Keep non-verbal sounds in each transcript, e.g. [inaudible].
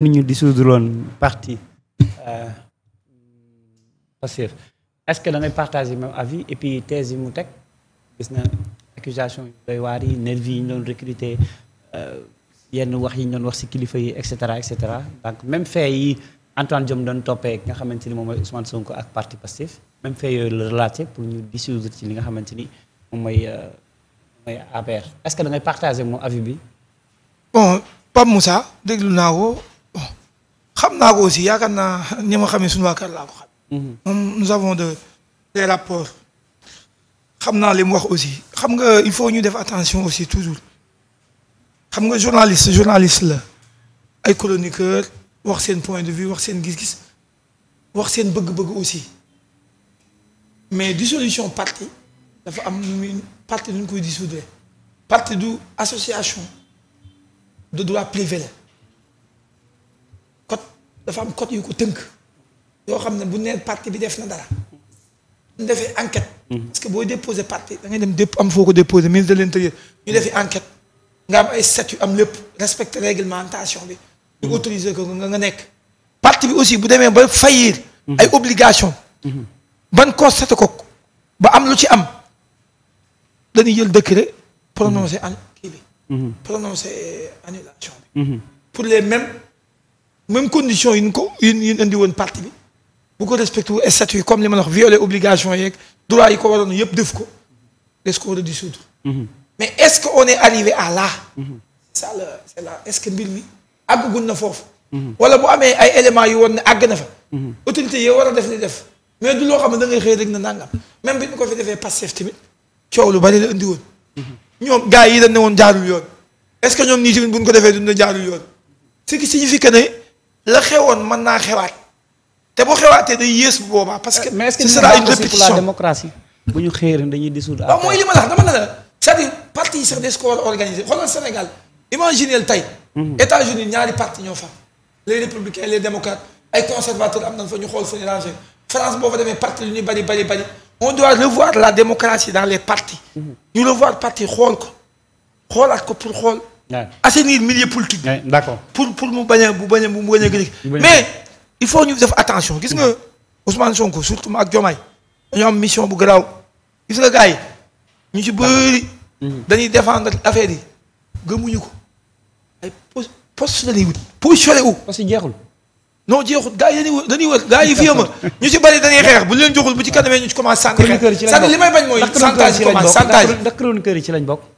ni ñu dissoudre woon parti euh, Pastef est-ce que da ngay partager même avis et puis thèse yi mu teg gis na accusation yu doy waar yi nervi yi ñu doon recruter euh, yenn wax yi ñu doon wax ci kilifa yi et cetera et cetera donc même fait yi Antoine Diome doon toppee nga xamante ni moom mooy Ousmane Sonko ak parti Pastef même fait yooyu la relaté pour ñu dissoudre ci li nga xamante ni moom mooy euh, mooy APR est-ce que da ngay partager moom avis bi bon Pape Moussa déglu naa ko xam naa ko aussi yaakaar naa ñi ma xamee suñu waa kër laa ko xam. Mhm. moom nous avons de des rapports xam naa li mu wax aussi xam nga il faut ñu def attention aussi toujours xam nga journaliste journaliste la ay wax seen point de vue wax seen gis-gis wax seen bëgg-bëgg aussi mais dissolution parti dafa am nu partie parti nu ñu koy dissoudre partie du association de droit privé la. dafa am code yu ko tënk yoo xam ne bu neen parti bi def na dara ñu defee enquête mhm. parce que booy déposé parti da ngay dem dépp am foo ko déposé ministre de l'intérieur ñu defee enquête nga am ay statut am lépp respecter réglementation bi ñu mhm. autoriser ko nga nga nekk parti bi aussi bu demee ba faillir mhm. ay obligation ban constaté ko ba am lu ci am dañuy jël décret prononcé an kii bi prononcé annulation bi pour les mêmes même condition yi ñu ko yi ñu indi woon parti bi bu ko respecté wu statut yi comme li ma la wax violer obligation yeeg droit yi ko waroon yëpp def ko est-ce qu'on a dissoudre mhm. mais est-ce que on est arrivé à là mhm. c'est ça la c'est là que mbir mi àggagul na foofu mhm. wala bu amee ay éléments yu woon ne àgg na fa autorité yi war a def li def mais du loo xam ne da ngay xëy rek na nangam même bi ñu ko fi defee Pastef tamit coow lu bari la indi woon ñoom gars yi dañ ne woon jaarul yoon est-ce que ñoom nii ko defee duñ ne jaarul yoon la xewoon man naa xewaat te bu xewaatee day yées bu boobaa. parce que ce sera une répétition pour la démocratie. bu ñu xëyee dañuy dissoudre. a mooy li ma la wax dama ne la c'est-à-dire parti yi des ko war a organiser xoolal Sénégal imaginez tey. Mhm. États-Unis ñaari parti ñoo fa les républicains les démocrates ay conservateurs am na fa ñu xool fu ñu rangé France boo fa demee parti lu ñuy bari bari bari on doit revoir la démocratie dans les partis. Mhm. ñu revoir parti xool ko xoolaat ko pour xool. assainir milieu politique bi. pour mu bañ a bu bañ a mu bañ a gën mais il faut ñu def attention gis nga Ousmane Sonko surtout ak Diomaye dañoo mission bu garaaw gis nga gars ñu ci bëri. dañuy défendre affaire yi gëmuñu ko ay post poste la wut. positionné wu. parce que jeexul. jeexul gars yi dañuy dañuy wër [laughs] ñu ci bëri dañuy xeex bu leen joxul bu ci kanamee ñu ci commencé. sànq xeex sànq li bañ mooy. santage yi commencé santage ndax chroniqueur yi ci lañ bokk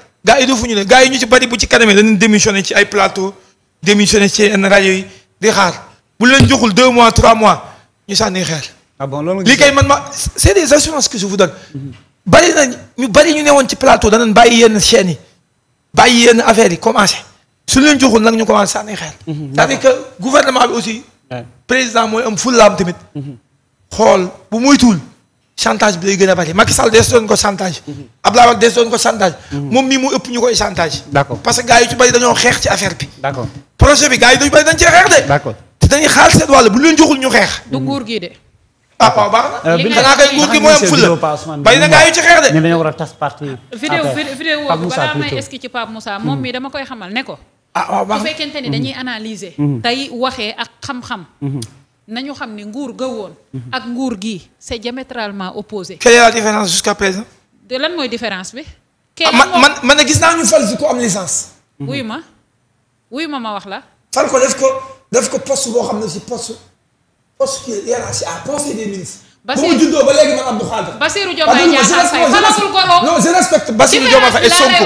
gaa yi du fu ñu ne gaa yi ñu ci bari bu ci kanamee dañu démissionné ci ay plateau démissionné ci yenn rajo yi di xaar bu leen joxul deux mois trois mois ñu sànni xeer. Ah bon loolu li kay man ma c' est des assurances que je vous donne. bari na ñu bari ñu woon ci plateau danañ bàyyi yenn chaînes yi bàyyi yenn affaires yi commencé su leen joxul nag ñu commencé sànni xeer. Mhm, c'est-à-dire que gouvernement bi aussi. président mooy am fullaam tamit. Mhm. xool bu muy moytuwul. chantage bi day gën a bari Macky Sall des doon ko chantage. Mhm. Abdoulaye Wade des doon ko chantage. Mhm. moom mii mu ëpp ñu koy chantage. d'accord parce que gars yi ci bari dañoo xeex ci affaire bi. d'accord projet bi gars dañu bari dañ cee xeex de. te dañuy xaar seen wàll bu leen joxul ñu xeex. du nguur gi de. a tas parti. ko. ah waaw na bu fekkente ni dañuy mhm. analyser. tey waxee ak xam-xam. nañu xam ne nguur ga ak nguur gii c'est diamétralement opposé. quelle est la différence jusqu'à présent. de mooy différence bi. keneen ah, man man man gis naa ñu fal fi ko am licence. Mm-hmm. wuy ma ma ma wax la. fal ko def ko def ko poste boo xam ne si post poste qui est hiérarchie à ah, conseil des ministres. Bassirou bu mu juddoo ba léegi man Abdou Khadre. Bassirou Diomaye Diakhar Faye xalaatul goro. non je respecte Bassirou Diomaye Faye et Sonko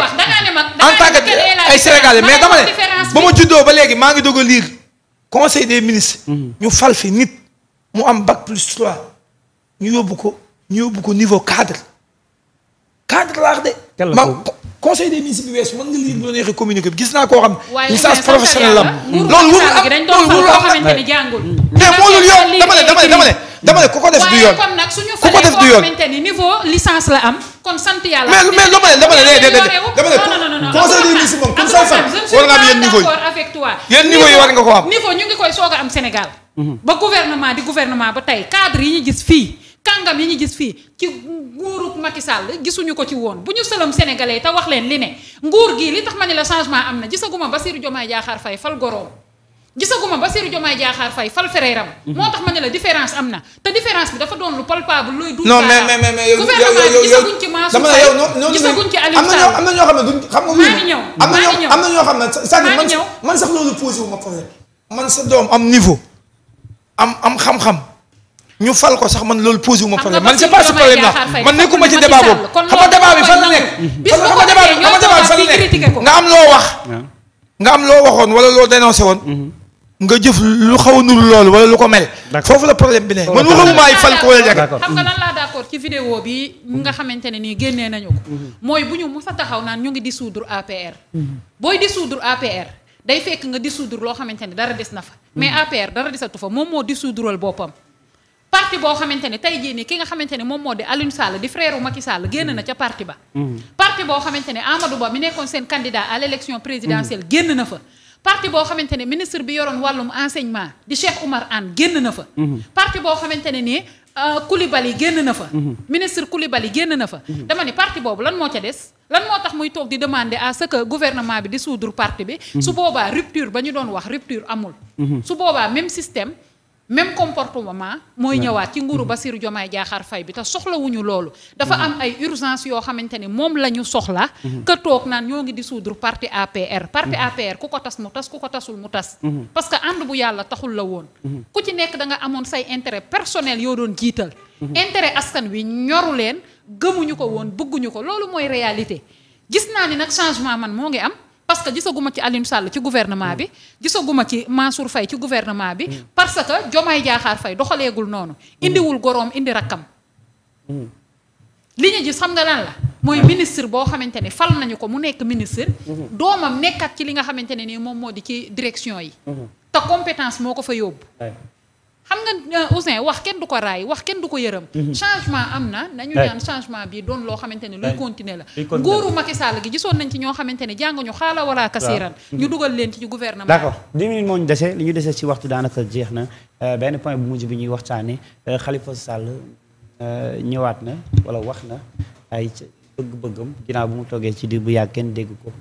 en tant que ay Sénégalais mais dama ne ba ma juddoo ba léegi maa ngi doog a liir conseil des ministre mhm. ñu fal fi nit mu am bac plus trois ñu yóbbu ko ñu yóbbu ko niveau cadre cadre laax de. ma conseil des ministres bi weesu mën nga lire bu neexee communiqué bi gis naa koo xam. waaye licence professionnelle la loolu wóorul am loolu wóorul am mais moo dama ne dama ne dama ne ko def du yoon. ku ko def du yoon waaye nag suñu falee koo xamante ni niveau licence la am. kon sant yàlla. mais mais dama ne dama ne déedéet dama ne. conseil des ministres moom comme nga am yenn niveau yi avec war nga ko am. niveau ñu ngi koy soog am Sénégal. Mhm. ba gouvernement di gouvernement ba tey cadre yi ñu gis fii. kàngam yi ñu gis fii ci nguurug Macky Sall gisuñu ko ci woon bu ñu sëlam sénégalais te wax leen li ne nguur gii li tax ma ni la changement am na gisaguma Bassirou Diomaye Diakhar fay fal goroom gisaguma Bassirou Diomaye Diakhar Faye fal fereeram mhm. moo tax ma ne la différence am na te différence bi dafa doon lu palpable looy dund non mais mais mais yow yow gisaguñ ci Mansour Faye gisaguñ ci Aliou Sall am na ñoo xam ne duñ xam nga maa ngi ñëw am na ñoo am na ñoo xam ne c'est-à-dire man man loolu posé wu man sa doom am niveau am am xam-xam ñu fal ko sax man loolu posé wu ma problème man c'est pas ce problème là man nekkuma ci débat boobu xam nga débat bi fan la nekk xam nga débat bi fan la am loo wax nga am loo waxoon wala woon mhm. nga jëf lu xaw a loolu wala lu ko mel. foofu la problème bi ne. man waxumaay fal ko wala jagal laa d'accord ci vidéo bi ne nii génnee nañu ko. Mhm. mooy bu ñu mës a taxaw naan ñu ngi dissoudre APR. Mhm. booy dissoudre APR day fekk nga dissoudre loo xamante ne dara des na fa. Mhm. mais APR dara desatu fa moom moo dissoudreal boppam. parti boo xamante ne tey jii nii ki nga xamante ne moom moo di Alioune Sall di frère Macky Sall génn na ca parti ba. parti boo xamante ne Amadou Ba mi nekkoon seen candidat à l'élection présidentielle génn na fa. parti boo xamante ne ministre bi yoroon wàllum enseignement di Cheikh Oumar Anne génn na fa. Mhm. parti boo xamante ne nii Coulibaly euh, génn na fa. Mhm. ministre Coulibaly génn na fa. Mhm. dama ne parti boobu lan moo ca des. lan moo tax muy toog di demander à ce gouvernement bi di dissoudre parti bi. su boobaa rupture ba ñu doon wax rupture amul. su boobaa même système. même comportement mooy ñëwaat ci nguuru mm-hmm. sir Diomaye Diakhar fay bi te soxlawuñu loolu dafa mm-hmm. am ay urgence yoo xamante ne moom la ñu soxla mm-hmm. que toog naan ñoo ngi di dissoudre parti APR parti APR ku ko tas mu tas ku ko tasul mu tas parce que ànd bu yàlla taxul la woon ku ci nekk da nga amoon say intérêt personnel yoo doon jiital intérêt askan wi ñoru leen gëmuñu ko woon bëgguñu ko loolu mooy réalité gis naa ni nag changement man moo ngi am parce que gisaguma ci Alioune Sall ci gouvernement bi gisaguma ci Mansour fay ci gouvernement bi mm. parce que Diomaye Diakhar fay doxaleegul noonu indiwul mm. goroom indi rakkam mm. li ñu gis xam nga lan la mooy ministre boo xamante ne fal nañu ko mu nekk ministre mm-hmm. doomam nekkat ci li nga xamante ne nii moom moo di ci direction yi mm-hmm. te compétence moo ko fa yóbbu xam nga euh, Ouzin wax kenn du ko raay wax kenn du ko yërëm. Mhm. changement am na nañu ñaan changement bi doon loo xamante ni luy continuer la. nguuru Macky Sall gi gisoon nañ ci ñoo xamante ne jànguñu xaala wala kasiiran mhm. ñu dugal leen ci ci gouvernement. d'accord dix minutes moo ñu dese li ñu dese ci waxtu daanaka jeex na euh, benn point bu mujj bi ñuy waxtaanee euh, xalifa sàll ñëwaat na wala wax na ay bëgg-bëggam ginnaaw bu mu toogee ci diir bu yàgg kenn dégg ko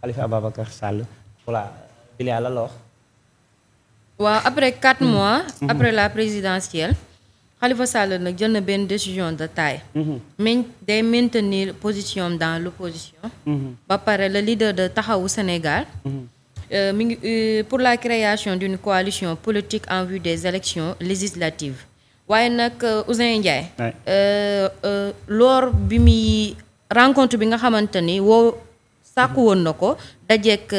Khalifa Ababacar Sall voilà il la waaw après quatre mm-hmm. mois. Mm-hmm. après la présidentielle. Khalifa Sall nag jël na benn décision de taille. Mm-hmm. mais day maintenir position dans l'opposition. ba pare le leader de Taxawu Sénégal. Euh, mi ngi euh, pour la création d'une coalition politique en vue des élections législatives waaye nag euh, Ousin Ndiaye. loor bi muy rencontre bi nga xamante ni woo sàkku woon na ko dajeek